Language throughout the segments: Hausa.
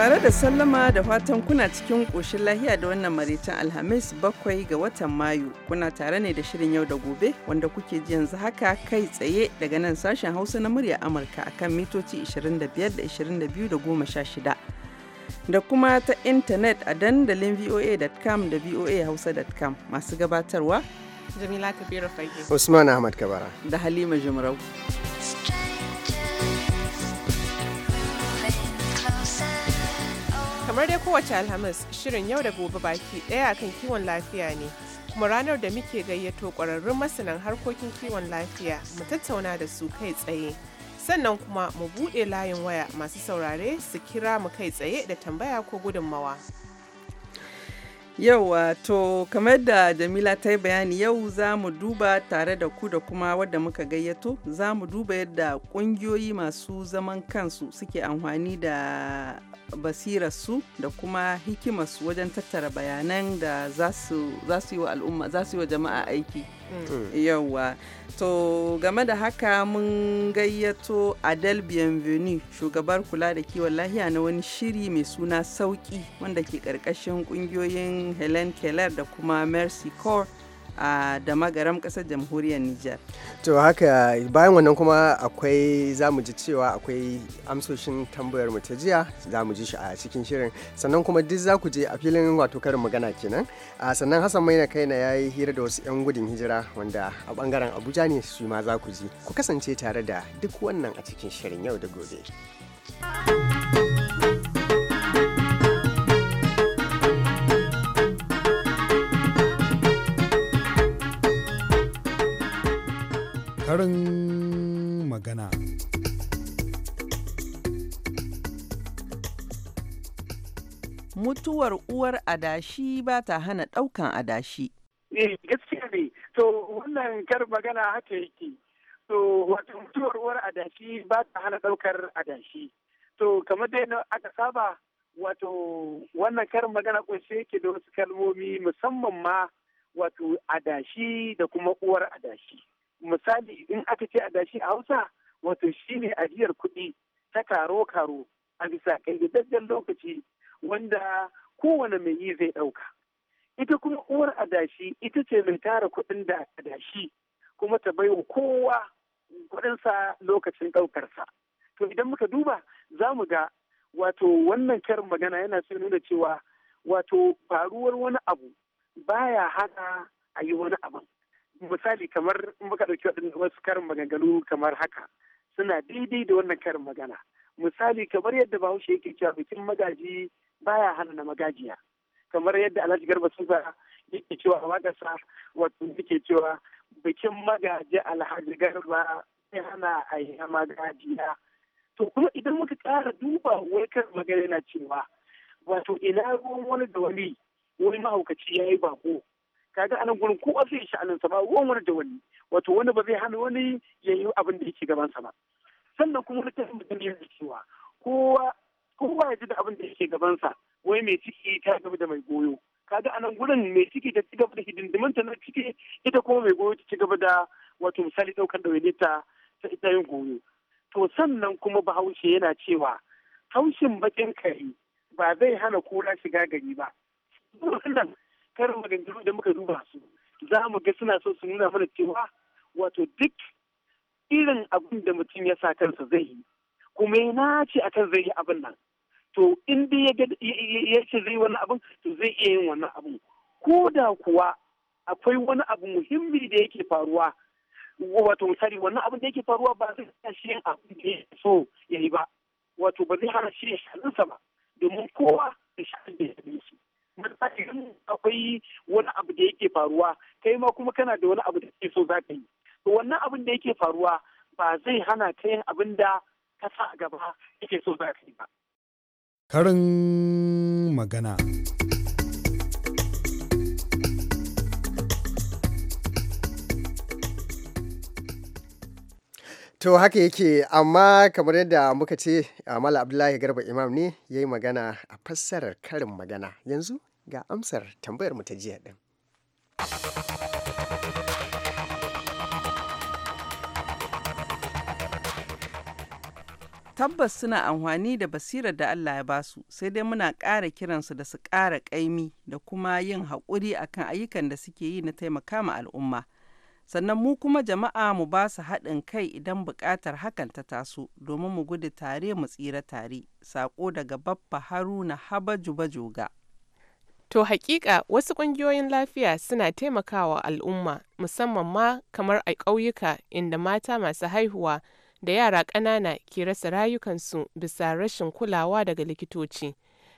Tare da sallama da fatan kuna cikin ƙoshin lahiya da wannan maritan Alhamis bakwai ga watan Mayu. Kuna tare ne da shirin yau da gobe wanda kuke ji yanzu haka kai tsaye daga nan sashen Hausa na murya Amurka akan mitoci 25 da 22 16. Da kuma ta intanet a dandalin voa.com da voahausa.com masu gabatarwa. Jamila Kabiru Fage. Usman Ahmad Kabara. Da Halima jimarau Kamar dai kowace Alhamis, shirin yau da gobe baki ɗaya akan kiwon lafiya ne, kuma ranar da muke gayyato ƙwararrun masanan harkokin kiwon lafiya mu tattauna da su kai tsaye. Sannan kuma mu buɗe layin waya masu saurare su kira mu kai tsaye da tambaya ko gudunmawa. yau to kamar da Jamila ta yi bayani yau za mu duba tare da ku da kuma wadda muka gayyato za mu duba yadda ƙungiyoyi masu zaman kansu suke amfani da su da kuma su wajen tattara bayanan da za su yi wa al'umma za su yi wa jama'a aiki mm. yauwa to game da haka mun gayyato adel bienvenue shugabar kula da kiwon lahiya na wani shiri mai suna sauki wanda ke karkashin kungiyoyin helen keller da kuma mercy corps da magaram kasar jamhuriyar Nijar. To haka bayan wannan kuma akwai za ji cewa akwai amsoshin tambayar ta jiya za ji shi a cikin shirin sannan kuma duk za ku je a filin wato karin magana kenan sannan Hassan Maina kaina ya yi hira da wasu 'yan gudun hijira wanda a bangaren Abuja ne su ma za ku ji ku kasance tare da duk wannan a cikin shirin yau da gobe. thank you karin magana. Mutuwar uwar adashi ba ta hana ɗaukan adashi. Eh, gaskiya ne, to wannan kar magana haka yake. To, wato mutuwar uwar adashi ba ta hana ɗaukar adashi. To, kamar dai na aka saba, wato wannan kar magana ƙunshe yake da wasu kalmomi musamman ma wato adashi da kuma uwar adashi. misali in aka ce adashi a hausa wato shi ne ajiyar kuɗi ta karo-karo a bisa ƙayyadajjen lokaci wanda kowane mai yi zai ɗauka. Ita kuma uwar adashi ita ce mai tara kuɗin da adashi kuma ta baiwa wa kowa kuɗinsa lokacin ɗaukarsa. To idan muka duba za mu ga wato wannan karin magana yana so nuna cewa wato faruwar wani abu baya haka a yi wani abin. misali kamar muka ɗauki wasu karin maganganu kamar haka suna daidai da wannan karin magana misali kamar yadda bahaushe yake cewa bikin magaji baya hana na magajiya kamar yadda alhaji garba suza yake cewa a waƙarsa wato yake cewa bikin magaji alhaji garba sai hana a yi magajiya to kuma idan muka ƙara duba wai karin magana yana cewa wato ina ruwan wani da wani wani mahaukaci ya yi bako kaga anan gurin kowa zai sha'anin sa ba ruwan wani da wani wato wani ba zai hana wani ya yi abin da yake gaban sa ba sannan kuma wani tafi mutum yana cewa kowa kowa ya ji da abin da yake gaban sa wai mai ciki ta gaba da mai goyo kaga anan gurin mai ciki ta ci gaba da hidindimin ta na ciki ita kuma mai goyo ta ci gaba da wato misali ɗaukar wani ta ta ita yin goyo to sannan kuma bahaushe yana cewa haushin bakin kare ba zai hana kura shiga gari ba karin maganganu da muka duba su za mu ga suna so su nuna mana cewa wato duk irin abin da mutum ya sa kansa zai yi kuma ya nace akan zai yi abin nan to in dai ya ce zai wani abin to zai iya yin wannan abin ko da kuwa akwai wani abu muhimmi da yake faruwa wato misali wannan abin da yake faruwa ba zai hana shi yin abin da ya so ya yi ba wato ba zai hana shi ya shalinsa ba domin kowa da shi da ya su mata idan akwai wani abu da yake faruwa kai ma kuma kana da wani abu da so za yi to wannan abin da yake faruwa ba zai hana ka yin abin da ka sa a gaba yake so za ka yi ba karin magana To haka yake amma kamar yadda muka ce Mala Abdullahi Garba Imam ne ya yi magana a fassarar karin magana yanzu ga amsar tambayar mu ta jiya din. tabbas suna amfani da basirar da Allah ya basu sai dai muna ƙara kiransu da su ƙara ƙaimi da kuma yin haƙuri akan ayyukan da suke yi na taimaka ma al'umma sannan mu kuma jama'a mu ba su haɗin kai idan buƙatar hakan ta taso domin mu gudu tare mu tsira tare saƙo daga babba haruna habaju bajoga To hakika wasu ƙungiyoyin lafiya suna taimakawa al'umma musamman ma kamar a ƙauyuka inda mata masu haihuwa da yara ƙanana ke rasa rayukansu bisa rashin kulawa daga likitoci,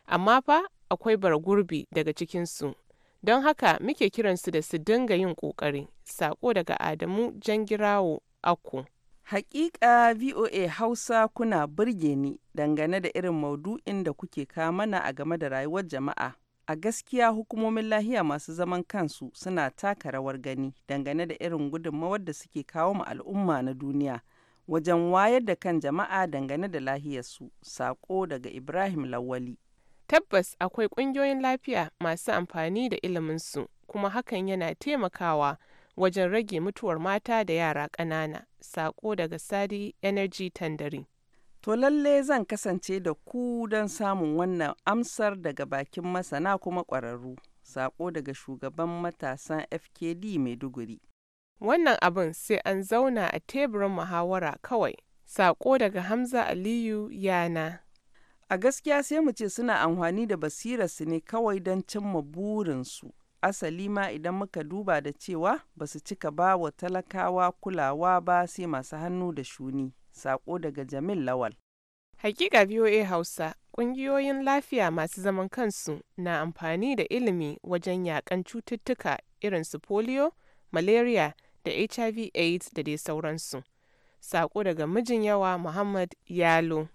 amma fa akwai bargurbi daga cikinsu, don haka muke kiransu da su dinga yin ƙoƙari. Saƙo daga Adamu Jangirawo aku. Hakika VOA Hausa kuna burge ni dangane da irin maudu'in da kuke na a game da rayuwar jama'a. a gaskiya hukumomin lahiya masu zaman kansu suna taka rawar gani dangane da irin gudunmawar da suke kawo ma al'umma na duniya wajen wayar da kan jama'a dangane da lahiyarsu sako daga ibrahim lawali tabbas akwai ƙungiyoyin lafiya masu amfani da iliminsu kuma hakan yana taimakawa wajen rage mutuwar mata da yara ƙanana sako daga sadi energy tandari To lalle zan kasance da ku don samun wannan amsar daga bakin masana kuma ƙwararru. Sako daga shugaban matasan FKD mai duguri. Wannan abin sai an zauna a teburin muhawara kawai. Sako daga Hamza Aliyu yana. A gaskiya sai mu ce suna amfani da basirarsu ne kawai don cimma burinsu. Asali ma idan muka duba da cewa ba su cika ba wa talakawa kulawa ba sai masu hannu da shuni. Sako daga Jamil Lawal. Hakika VOA Hausa, ƙungiyoyin lafiya masu zaman kansu na amfani da ilimi wajen yakan cututtuka irin su polio, malaria da HIV AIDS da dai sauransu. Sako daga mijin yawa Muhammad Yalo.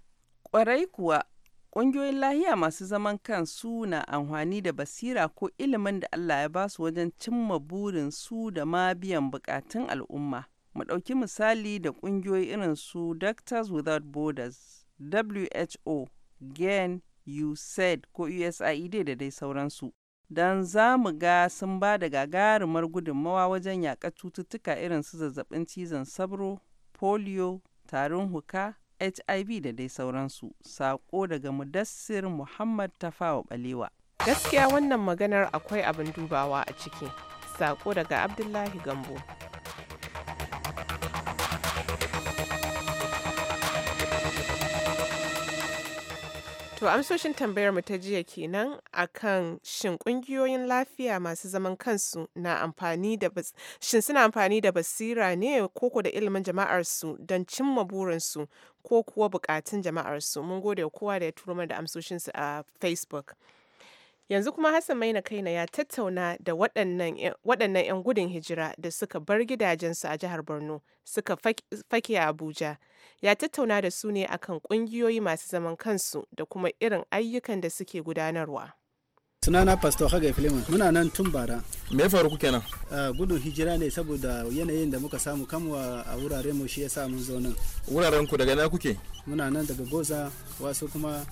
Ƙwarai kuwa, ƙungiyoyin lahiya masu zaman kansu na amfani da basira ko ilimin da Allah ya basu wajen cimma burin su da ma biyan bukatun al'umma. Mu ɗauki misali da ƙungiyoyi irin su Doctors Without Borders, WHO, GAN, USAID ko USAID e da dai sauransu. Don za mu ga sun ba da gagarumar gudunmawa wajen yaƙar cututtuka irin su zazzabin cizon sabro, polio, tarin huka, HIV da dai sauransu. Sako daga Mudassir Muhammad Tafawa Balewa. Gaskiya wannan maganar akwai abin dubawa a ciki. saƙo daga Abdullahi Gambo. To amsoshin tambayar mu ta jiya kenan akan shin kungiyoyin lafiya masu zaman kansu na amfani da shin suna amfani da basira ne koko da ilimin jama'ar su don cimma burinsu ko kuwa bukatun jama'ar su. Mun gode kowa da ya turo mana da amsoshin su a Facebook. Yanzu kuma Hassan Maina Kaina ya tattauna da waɗannan 'yan gudun hijira da suka bar gidajensu a jihar Borno suka fake a Abuja. Ya tattauna da su ne akan ƙungiyoyi masu zaman kansu da kuma irin ayyukan da suke gudanarwa. sunana pastor haga filiman muna nan tun bara me ya faru kenan ah, gudun hijira ne saboda yanayin da muka samu kamwa a wuraren mu shi yasa mun zo nan wuraren ku daga na kuke muna nan daga goza wasu kuma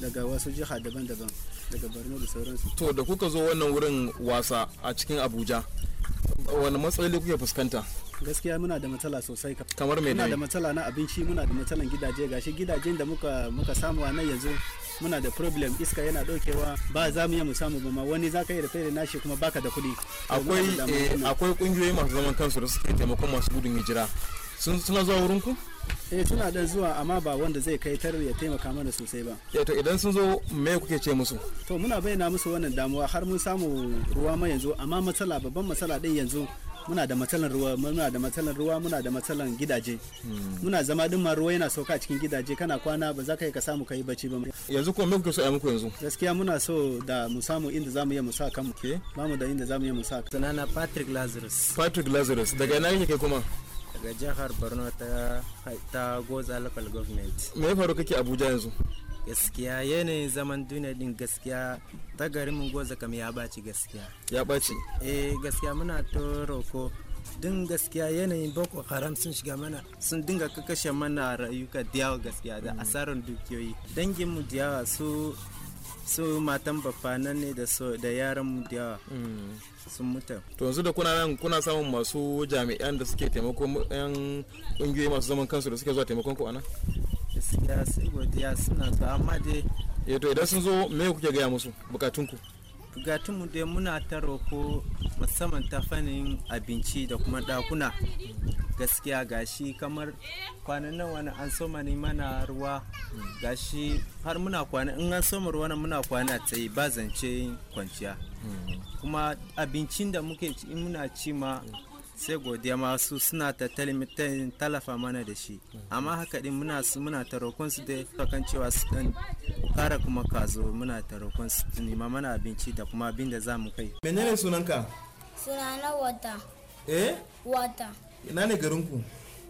daga wasu jiha daban-daban daga borno da sauransu to da kuka zo wannan wurin wasa a cikin abuja wani matsaloli kuke fuskanta gaskiya muna da matsala sosai kamar mai muna da matsala na abinci muna da matsalan gidaje gashi gidajen da muka muka samu a nan yanzu muna da problem iska yana daukewa ba za mu iya mu samu ba ma wani za ka yi da nashi kuma baka da kuɗi akwai eh, akwai kungiyoyi masu zaman kansu da suke taimakon masu gudun hijira sun suna zuwa wurin ku eh suna dan zuwa amma ba wanda zai kai tar ya taimaka mana sosai ba eh, to idan sun zo me kuke ce musu to muna bayyana musu wannan damuwa har mun samu ruwa ma yanzu amma matsala babban matsala din yanzu muna da matsalan ruwa muna da matsalan ruwa muna da matsalan gidaje hmm. muna zama din ma ruwa yana sauka cikin gidaje kana kwana ba za ka yi ka samu ka yi bacci ba yanzu ko me kuke so a muku yanzu gaskiya muna so da mu samu inda zamu yi mu sa kanmu ke bamu da inda zamu yi mu sa sanana Patrick Lazarus Patrick Lazarus daga ina kake kuma daga jihar borno ta, ta goza local government me ya faru kake abuja yanzu gaskiya yanayin zaman duniya din gaskiya ta garin mun goza kam ya baci gaskiya ya baci eh gaskiya muna to roko din gaskiya yanayin boko haram sun shiga mana sun dinga kakashe mana rayuka diyawa gaskiya da mm. asarar dukiyoyi dangin mu diyawa su su matan babba nan ne da so da yaran mu diyawa sun mutu to yanzu da kuna nan kuna samun masu jami'an da suke taimakon yan kungiyoyi masu zaman kansu da suke zuwa taimakon ku ana? gaskiya sai godiya suna zuwa amma dai eh to idan sun zo me kuke gaya musu bukatun ku gatunmu dai muna ta roko musamman ta fannin abinci da kuma dakuna gaskiya gashi kamar kwanan nan wani an soma ne mana ruwa gashi har muna kwana in an soma ruwa muna kwana tsaye ba zance kwanciya mm. kuma abincin da muke ci muna ci ma sai godiya masu suna tattalin talafa mana da shi amma haka din muna muna tarokon su da kan cewa su kan kara kuma kazo muna tarokon su su nima mana abinci da kuma abin da za mu kai menene sunanka sunana wata eh wata ina ne garin ku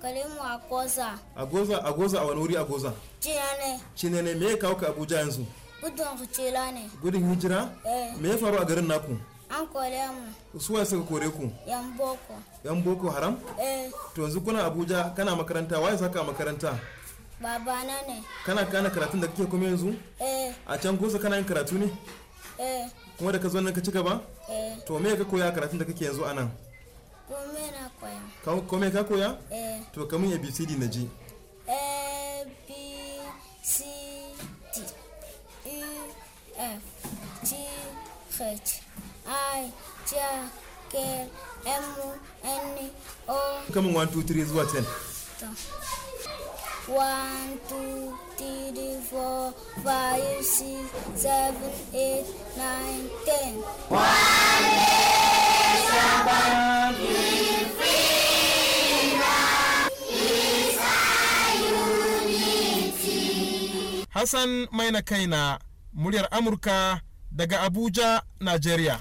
garin mu agoza agoza agoza a wani wuri agoza cinene cinene me ya kawo ka abuja yanzu gudun hijira ne gudun hijira eh me ya faru a garin naku An kore mu. Su waye suka kore ku? Yan boko. Yan boko haram? Eh. To yanzu kuna Abuja kana makaranta waye saka makaranta? Babana ne. Kana kana karatun da kake kuma yanzu? Eh. A can gosa kana yin karatu ne? Eh. Kuma da ka zo nan ka ci gaba? Eh. To me ka koya karatun da kake yanzu anan? Kome na koya. Kome ka koya? Eh. To kamun ABCD na ji. A B C D E F G H I, J, K, M, N, O. Come on, one, two, three, zuwa ten. One, two, three, four, five, six, seven, eight, nine, ten. One is Hassan Maina Kaina, muryar Amurka daga Abuja, Najeriya.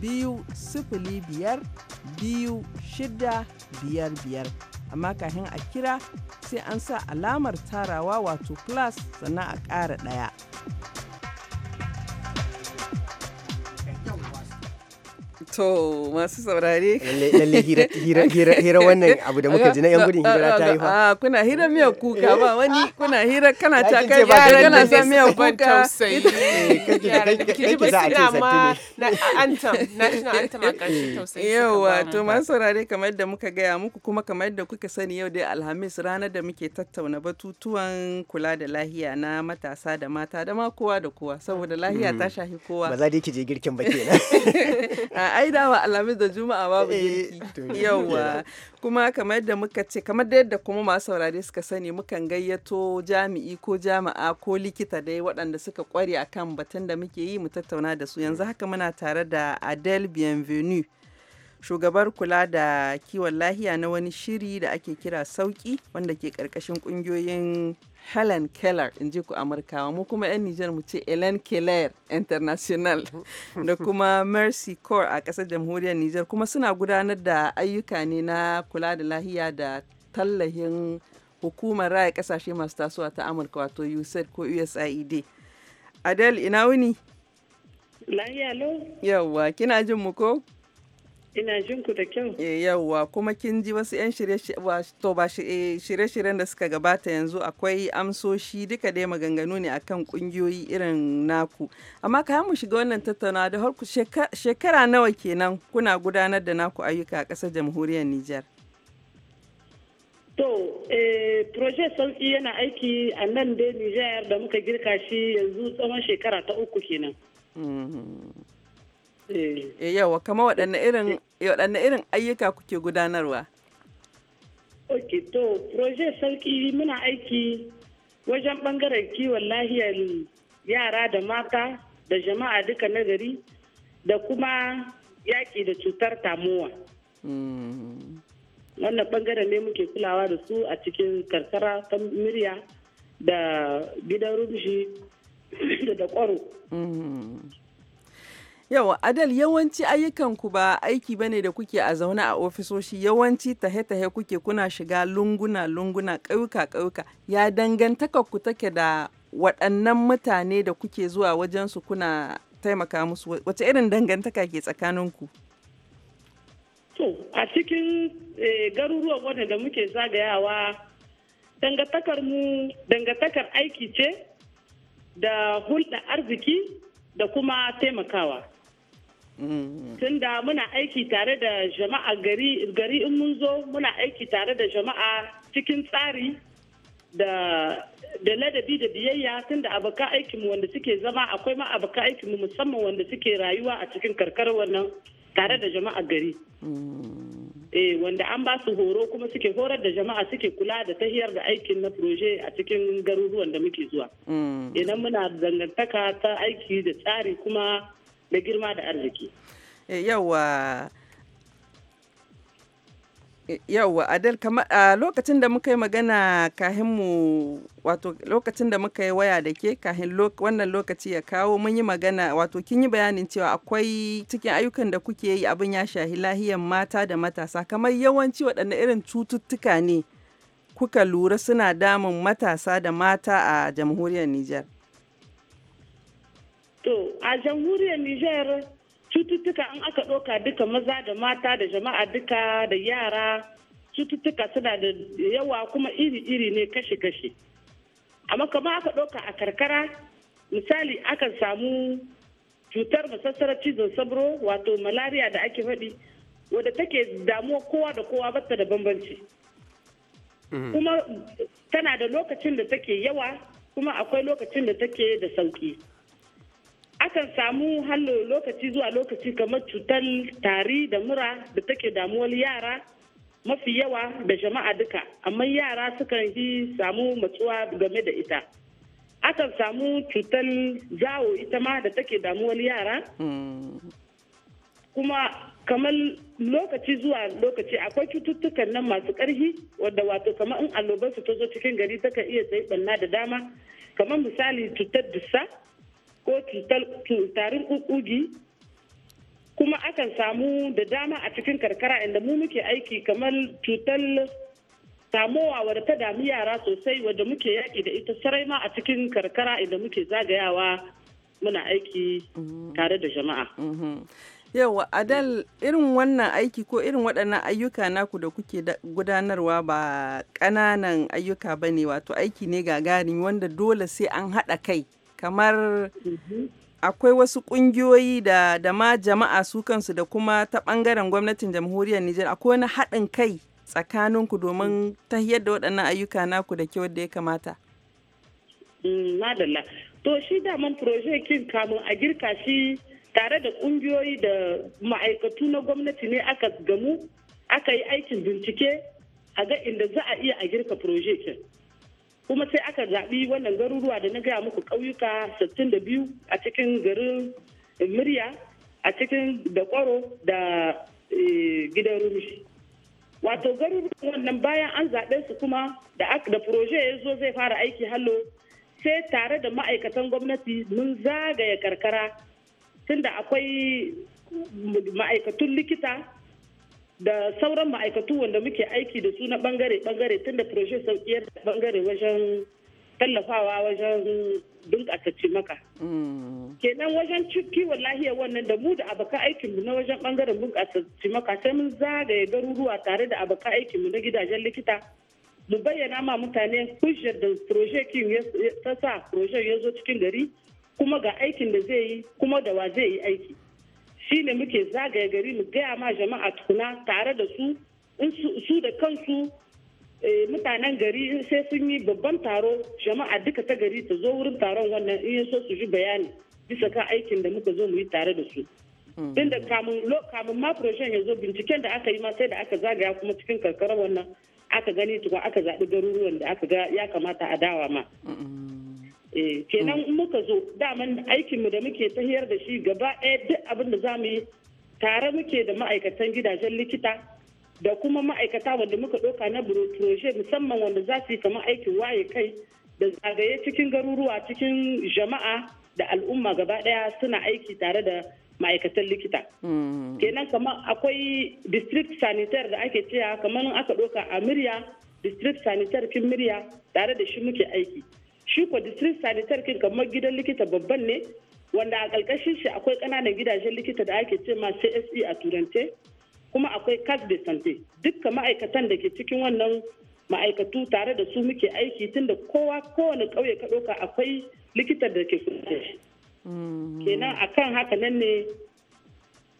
biyu sifili biyar biyu shida biyar biyar amma kafin a kira sai an sa alamar tarawa wato plus sannan a ƙara ɗaya. To masu saurare. Lalle hira wannan abu da muka ji na 'yan gudun hira ta yi fa. Ah, kuna hira miyar kuka ba wani eh? kuna hira kana ta eh, kai yara kana sa miya kuka. Kake za a ce sattu ne. Antam, national antam a eh. Yawa, to masu saurare kamar da muka gaya muku kuma kamar da kuka sani yau dai Alhamis ranar da muke tattauna batutuwan kula da lahiya na matasa da mata da ma kowa da kowa saboda lahiya ta mm. shafi kowa. Ba za dai ki je girkin ba kenan. Ah, ai dama alhamis da juma'a babu eh, girki yawa kuma kamar yadda muka ce kamar da yadda kuma masu saurare suka sani mukan gayyato jami'i ko jami'a ko likita dai waɗanda suka kware akan batun da muke yi mu tattauna da su yanzu haka muna tare da Adele Bienvenue shugabar kula da kiwon lahiya na wani shiri da ake kira sauki wanda ke karkashin ƙungiyoyin. Helen Keller in ji ku Amurkawa mu kuma 'yan Nijar mu ce Helen Keller International da kuma Mercy Corps a ƙasar jamhuriyar Nijar kuma suna gudanar da ayyuka ne na kula da lahiya da tallahin hukumar raya ƙasashe masu tasowa ta Amurka wato USAID ko USAID. Adele ina wuni? Lahiya lo. Yawwa kina jin mu ko? Ina jin ku da kyau. Eh, yawwa kuma kin ji wasu 'yan eh, shirye-shiryen da suka gabata yanzu akwai amsoshi duka dai maganganu ne akan kungiyoyi irin naku. Amma ka mu shiga wannan tattaunawa da harku shekara nawa kenan kuna gudanar da naku ayyuka a ƙasar jamhuriyar Nijar. To, eh, Sauki e yana aiki a nan dai Nijar da muka girka shi yanzu tsawon shekara ta uku kenan. Mm-hmm. Eh. Eh, yawa kama waɗanne irin ayyuka kuke gudanarwa ok to proje sarki muna aiki wajen ɓangaren kiwon lahiyar yara da mata da jama'a duka na gari da kuma yaƙi da cutar tamuwa mm. wannan ɓangaren ne muke kulawa da su a cikin karkara ta murya da gidan rumshi da kwaro mm. yau Adal yawanci ayyukanku ba aiki bane da kuke a zaune a ofisoshi yawanci tahe-tahe kuke kuna shiga lunguna-lunguna ƙauyuka-ƙauyuka ya ku take da waɗannan mutane da kuke zuwa wajensu kuna taimaka musu wace irin dangantaka ke tsakaninku? To a cikin eh, garuruwan da muke zagayawa dangantakar mu dangantakar aiki ce da hulɗa arziki da kuma taimakawa. tun da muna aiki tare da jama'a gari in mun zo muna aiki tare da jama'a cikin tsari da da ladabi da biyayya tun da abokan aikinmu wanda suke zama akwai ma abokan aikinmu musamman wanda suke rayuwa a cikin karkarar wannan tare da jama'a gari. Mm. eh wanda an ba su horo kuma suke horar da jama'a suke kula da tahiyar da aikin na proje a cikin garuruwan da muke zuwa mm. idan muna dangantaka ta aiki da tsari kuma da girma da arziki eh, yawa eh, a lokacin da muka yi magana kahin mu wato lokacin da muka yi waya da ke kahin wannan lokaci ya kawo mun yi magana wato kin yi bayanin cewa akwai cikin ayyukan da kuke yi abin ya shahi lahiyar mata da matasa kamar yawanci waɗanne irin cututtuka ne kuka lura suna damun matasa da mata a jamhuriyar Nijar. To, a jamhuriyar Nijar cututtuka an aka ɗauka duka maza da mata da jama'a duka da yara cututtuka suna da yawa kuma iri-iri ne kashe-kashe. Amma kama aka ɗauka a karkara, misali akan samu cutar masassarar cizon sabro wato malaria da ake faɗi wadda take damuwa kowa da kowa bata da bambanci. Mm. Kuma tana da lokacin da take yawa kuma akwai lokacin da take da sauki. akan samu hallo lokaci zuwa lokaci kamar cutar tari da mura da take damuwar yara mafi yawa da jama'a duka amma yara sukan yi samu matsuwa game da ita akan samu cutar zawo ita ma da take damuwar yara kuma kamar lokaci zuwa lokaci akwai cututtukan nan masu ƙarfi wadda wato kamar in allobarsu ta zo cikin gari takan iya tsaye da dama kamar misali cutar dussa ko tarin kukugi kuma akan samu da dama a cikin karkara inda mu muke aiki kamar cutar samowa wadda ta dami yara sosai wadda muke yaƙi da ita sarai ma a cikin karkara inda muke zagayawa muna aiki mm-hmm. tare da jama'a. Mm-hmm. Yawa Adal irin wannan aiki ko irin waɗannan ayyuka naku da kuke gudanarwa ba ƙananan ayyuka ba ne wato aiki ne gagari wanda dole sai an haɗa kai kamar akwai wasu kungiyoyi da, ma jama'a su kansu da kuma ta bangaren gwamnatin jamhuriyar Nijar akwai wani haɗin kai tsakaninku domin ta da waɗannan ayyuka naku da kyau da ya kamata. Mm, madalla, to shi daman kin kamun a girka shi tare da ƙungiyoyi da ma'aikatu na gwamnati ne aka gamu aka yi aikin bincike a ga inda za a iya a girka kin. kuma sai aka zaɓi wannan garuruwa da na gaya muku ƙauyuka 62 a cikin garin murya a cikin da ƙwaro da eh, gidan rumishi wato garuruwan wannan bayan an zaɓe su kuma da da proje ya zo zai fara aiki hallo sai tare da ma'aikatan gwamnati mun zagaya karkara tunda akwai ma'aikatun likita da sauran ma'aikatu wanda muke aiki da su na bangare-bangare tun da proje sauƙiyar da bangare wajen tallafawa wajen bunƙasa cimaka. Mm. kenan wajen kiwon lahiyar wannan da mu da abokan aikinmu na wajen bangaren bunƙasa cimaka sai mun zagaye garuruwa tare da abokan aikinmu na gidajen likita mu bayyana ma mutane hujjar da proje kin ta sa proje ya zo cikin gari kuma ga aikin da zai yi kuma da wa zai yi aiki. shi ne muke zagaya gari mu gaya ma jama'a tukuna tare da su su da kansu eh, mutanen gari sai sun yi babban taro jama'a duka ta gari ta zo wurin taron wannan in so su ji bayani bisa kan aikin da muka zo mu yi tare da su din hmm. da kamun ma projen ya zo binciken da aka yi ma sai da aka zagaya kuma cikin karkara wannan aka gani tukun aka zaɓi garuruwan da aka ga ya kamata a dawa ma hmm. Eh, kenan muka zo daman aikinmu da muke tahiyar da shi gaba ɗaya duk abin da za mu yi tare muke da ma'aikatan gidajen likita da kuma ma'aikata wanda muka ɗauka na proje musamman wanda za su yi kamar aikin waye kai da zagaye cikin garuruwa cikin jama'a da al'umma gaba ɗaya suna aiki tare da ma'aikatan likita. Hmm. kenan kamar akwai district sanitar da ake cewa kamar aka ɗauka a murya district sanitar kin murya tare da shi muke aiki. shi ko district sanitar kin kamar gidan likita babban ne wanda a ƙarƙashin shi akwai ƙananan gidajen likita da ake ce ma CSE a turance kuma akwai cas de santé dukka ma'aikatan da ke cikin wannan ma'aikatu tare da su muke aiki tun da kowa kowane ƙauye ka ɗauka akwai likita da ke kusa shi mm-hmm. kenan akan haka nan ne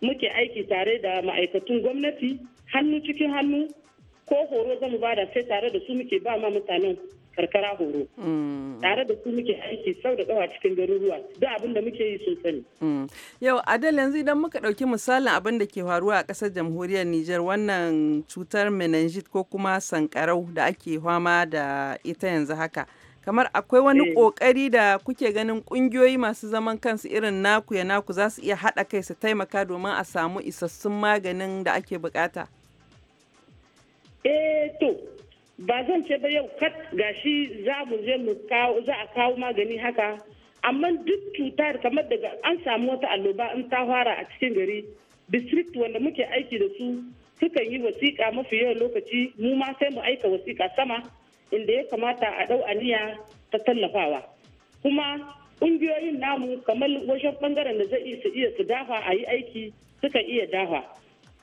muke aiki tare da ma'aikatun gwamnati hannu cikin hannu ko horo zamu bada sai tare da su muke ba ma mutanen karkara horo mm. tare da su muke aiki sau da kawa cikin garuruwa duk abin da muke yi sun sani mm. yau adal yanzu idan muka dauki misalin abin da ke faruwa a kasar jamhuriyar Nijar wannan cutar meningitis ko kuma sankarau da ake fama da ita yanzu haka kamar akwai wani kokari eh. da kuke ganin kungiyoyi masu zaman kansu irin naku ya naku za su iya haɗa kai su taimaka domin a samu isassun maganin da ake bukata? eh to ba zan ce ba yau kat gashi za mu je mu kawo za a kawo magani haka amma duk cutar kamar daga an samu wata alloba in ta fara a cikin gari district wanda muke aiki da su sukan yi wasiƙa mafi yawan lokaci mu ma sai mu aika wasiƙa sama inda ya kamata a ɗau aniya ta tallafawa kuma ƙungiyoyin namu kamar wajen ɓangaren da zai su iya su dafa a yi aiki suka iya dafa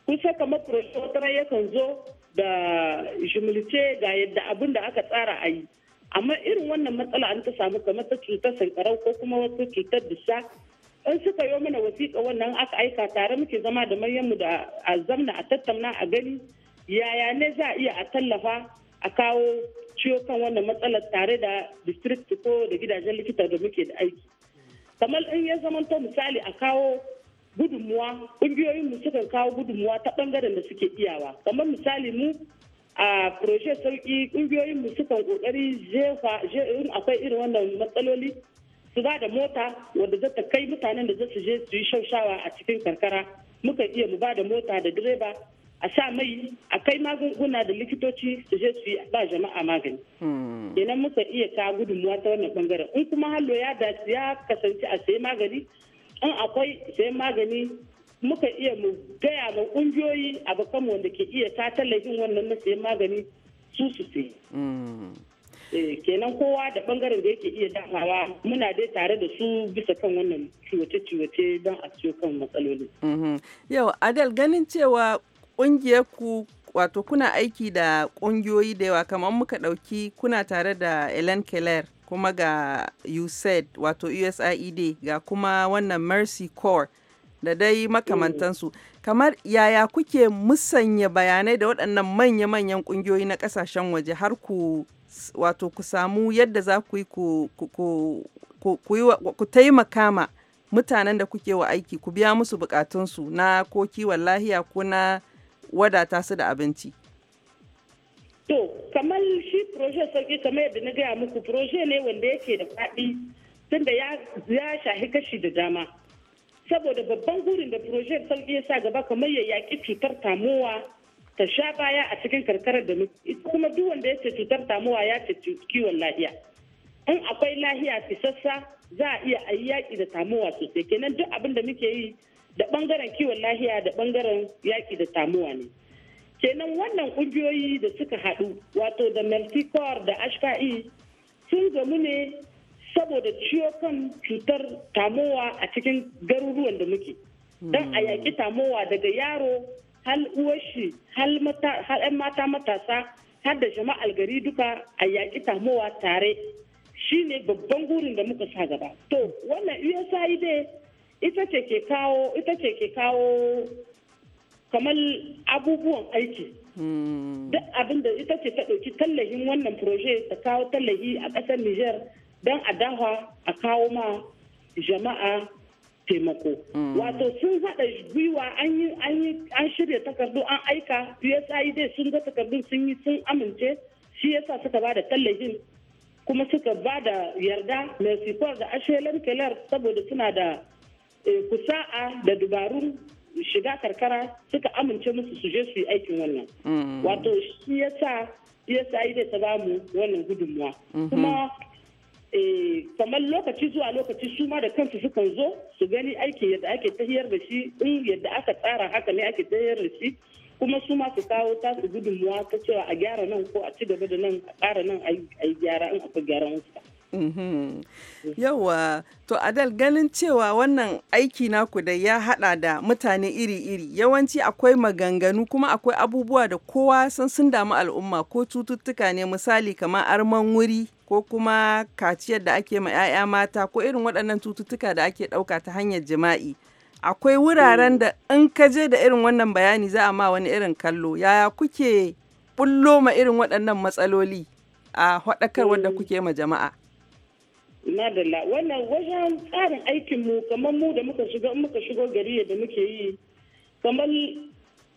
kusa kamar wata yakan zo da jimilce ga yadda abin da aka tsara a yi amma irin wannan matsala an ta samu kamar ta cutar sankarau ko kuma wata cutar dusa in suka yi mana wasiƙa wannan aka aika tare muke zama da maryamu da a zamna a tattauna a gani yaya ne za a iya a tallafa a kawo ciwo kan wannan matsalar tare da district ko da gidajen likita da muke da aiki kamar in ya zama misali a kawo gudunmuwa ƙungiyoyin mu sukan kawo gudunmuwa ta ɓangaren da suke iyawa kamar misali mu a proje sauki ƙungiyoyin mu sukan ƙoƙari in akwai irin wannan matsaloli su ba da mota wanda za ta kai mutanen da za su je su yi shaushawa a cikin karkara muka iya mu ba da mota da direba a sa mai a kai magunguna da likitoci su je su yi ba jama'a magani. Hmm. Kenan muka iya ka gudunmuwa ta wannan bangaren. In kuma hallo ya kasance a sayi magani in akwai sai magani muka iya mu gaya ma kungiyoyi abokan wanda ke iya ta tallafin wannan na sayan magani su su sayi. Mm. Eh, kenan kowa da bangaren da yake iya damawa muna dai tare da su bisa kan wannan ciwace-ciwace don a ciwo kan matsaloli. Mm-hmm. Yau, Adal ganin cewa kungiyar ku wato kuna aiki da ƙungiyoyi da yawa kamar muka ɗauki kuna tare da Ellen Keller. kuma ga USAID wato USAID e ga kuma wannan Mercy Corps da dai makamantansu. Kamar yaya kuke musanya bayanai da waɗannan manya-manyan ƙungiyoyi na ƙasashen waje har ku wato ku samu yadda za ku yi ku taimaka ma mutanen da kuke wa aiki ku biya musu bukatunsu na ko kiwon lahiya ko na wadata su da abinci. To, kamar shi proje sauki kamar yadda na gaya muku proje ne wanda yake da faɗi tunda ya shahi kashi da dama. Saboda babban gurin da proje sauki ya sa gaba kamar ya yaƙi cutar tamowa ta sha baya a cikin karkarar da muke. kuma duk wanda ya cutar tamowa ya ce kiwon lahiya. In akwai lahiya fisassa za a iya a yi yaƙi da tamowa sosai kenan duk abin da muke yi da ɓangaren kiwon lahiya da ɓangaren yaƙi da tamowa ne. kenan wannan ƙungiyoyi da suka haɗu wato da melticor da ashka'i e, sun gamu ne saboda ciwo kan cutar tamowa a cikin garuruwan da muke don a yaƙi tamowa daga yaro hal uwashi hal mata matasa har da jama'al gari duka a yaƙi tamowa tare shine babban gurin da muka sa gaba to wannan usaid ita ita ce ke kawo kamar abubuwan aiki hmm. duk abin da ita ce ta ɗauki tallahin wannan proje ta kawo tallahi a ƙasar Nijar don a dawa a kawo ma jama'a taimako. Hmm. Wato sun haɗa gwiwa an shirya takardu an aika psid sun ga takardun sun yi sun amince shi yasa suka ba da tallahin kuma suka ba da yarda mai sifar da ashe kelar saboda suna da eh, kusa'a da dubarun shiga karkara suka amince musu su je su yi aikin wannan mm. wato shi yasa sa yi ta mu wannan gudunmuwa mm-hmm. kuma eh, kamar lokaci zuwa lokaci su ma da kansu sukan zo su gani aiki yadda ake tahiyar da shi in yadda aka tsara haka ne ake tahiyar da shi kuma su ma su kawo tasu gudunmuwa ta cewa a gyara nan ko a ci gaba da nan a tsara nan a yi gyara in akwai gyaran wasu Yawwa, to Adal ganin cewa wannan aiki naku da ya hada da mutane iri-iri, yawanci akwai maganganu kuma akwai abubuwa da kowa san sun damu al'umma ko cututtuka ne misali kamar arman wuri ko kuma kaciyar da ake ma 'ya'ya mata ko irin waɗannan cututtuka da ake ɗauka ta hanyar jima'i. Akwai wuraren mm. da in ka je da irin wannan bayani za a ma wani irin kallo, yaya kuke bullo ma irin waɗannan matsaloli a haɗakarwar da mm. kuke ma jama'a? madalla wannan wajen tsarin aikinmu kamar mu da muka shiga muka shigo gari da muke yi kamar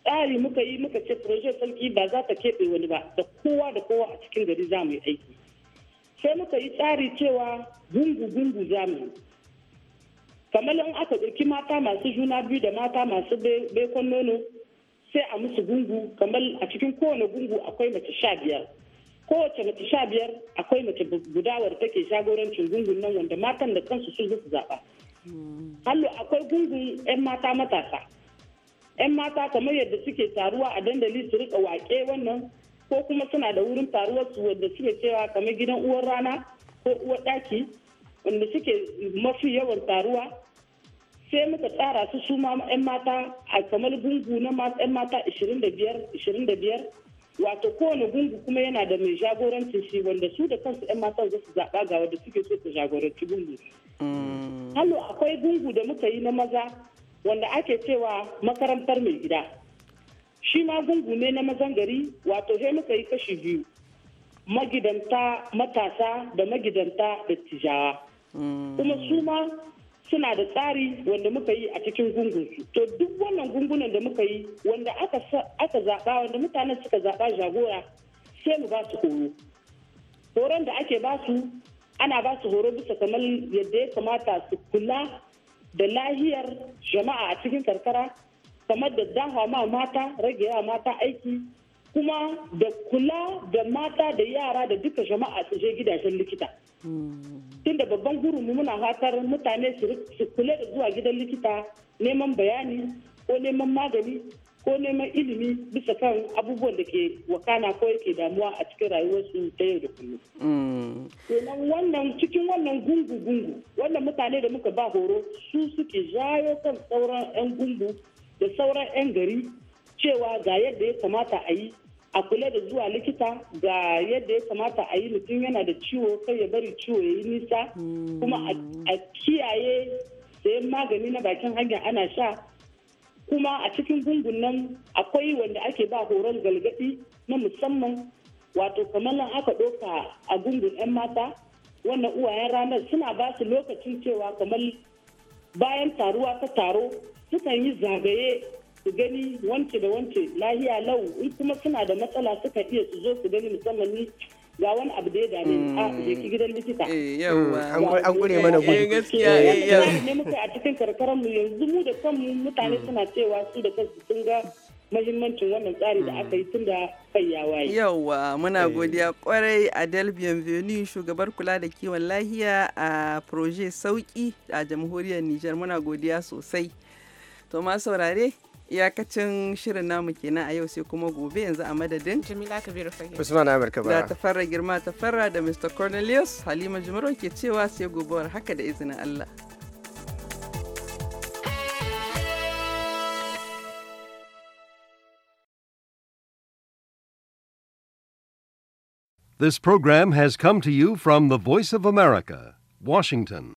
tsari muka yi muka ce projet sarki ba za ta keɓe wani ba da kowa da kowa a cikin gari za mu yi aiki sai muka yi tsari cewa gungu-gungu za mu yi kamar in aka ɗauki mata masu juna biyu da mata masu bekon nono sai a musu gungu kamar a cikin kowane gungu akwai mace sha biyar kowace mace sha biyar akwai mace guda wadda take shagorancin gungun nan wanda matan da kansu sun su zaɓa. Hallo akwai gungun 'yan mata matasa. 'Yan mata kamar yadda suke taruwa a dandali su rika wake wannan ko kuma suna da wurin taruwar su wadda suke cewa kamar gidan uwar rana ko uwar ɗaki wanda suke mafi yawan taruwa sai muka tsara su suma ma 'yan mata a kamar gungu na 'yan mata 25 wato kowane gungu kuma yana da mai jagorancin shi wanda su da kansu 'yan matan za su zaɓa ga wanda suke so su jagoranci gungu. Mm. Hallo akwai gungu da muka yi na maza wanda ake cewa makarantar mai gida. Shi ma gungu ne na mazan gari wato sai muka yi kashi biyu. Magidanta matasa da magidanta da tijawa. Mm. Kuma su ma suna da tsari wanda muka yi a cikin gungunsu to duk wannan gungunan da muka yi wanda aka zaɓa wanda mutanen suka zaɓa jagora sai mu ba su horo horon da ake ba su ana ba su horo bisa kamar yadda ya kamata su kula da lahiyar jama'a a cikin karkara kamar da dawa ma mata rage yawa mata aiki kuma da kula da mata da yara da duka jama'a su je gidajen likita hmm. tunda babban mu muna fatar mutane su kula da zuwa gidan likita neman bayani ko neman magani ko neman ilimi bisa kan abubuwan da ke wakana ko yake damuwa a cikin rayuwarsu ta yau da kullum. Mm. Kenan wannan cikin wannan gungu-gungu wannan mutane da muka ba horo su suke jayo kan sauran 'yan gungu da sauran 'yan gari cewa ga yadda ya kamata a yi a kula da zuwa likita ga yadda ya kamata a yi mutum yana da ciwo kai ya bari ciwo ya yi nisa hmm. kuma a kiyaye sayan magani na bakin hanya ana sha kuma a cikin gungun nan akwai wanda ake ba horon galgadi na musamman wato kamar nan aka ɗauka a gungun 'yan mata wannan uwayen ranar suna ba su lokacin cewa kamar bayan taruwa ta taro sukan yi zagaye su gani wance da wance lahiya lau in kuma suna da matsala suka iya su zo su gani musamman ni ga wani abu da ya dame a ah, je ki gidan likita eh, an gure mana gudu gaskiya eh, ne a cikin karkarar mu yanzu mu da kanmu mutane mm. suna cewa su da kansu sun ga mahimmancin wannan tsari da aka yi mm. tun da kai waye. Yawwa muna eh. godiya kwarai Adele Bienvenue shugabar kula da kiwon lahiya a Proje Sauki a jamhuriyar Nijar muna godiya sosai. To ma saurare iyakacin shirin namu kenan a yau sai kuma gobe yanzu a madadin Jamila Kabiru Fage Usman Ahmed Kabara da girma tafarra da Mr Cornelius Halima Jumaro ke cewa sai gobe haka da izinin Allah This program has come to you from the Voice of America, Washington.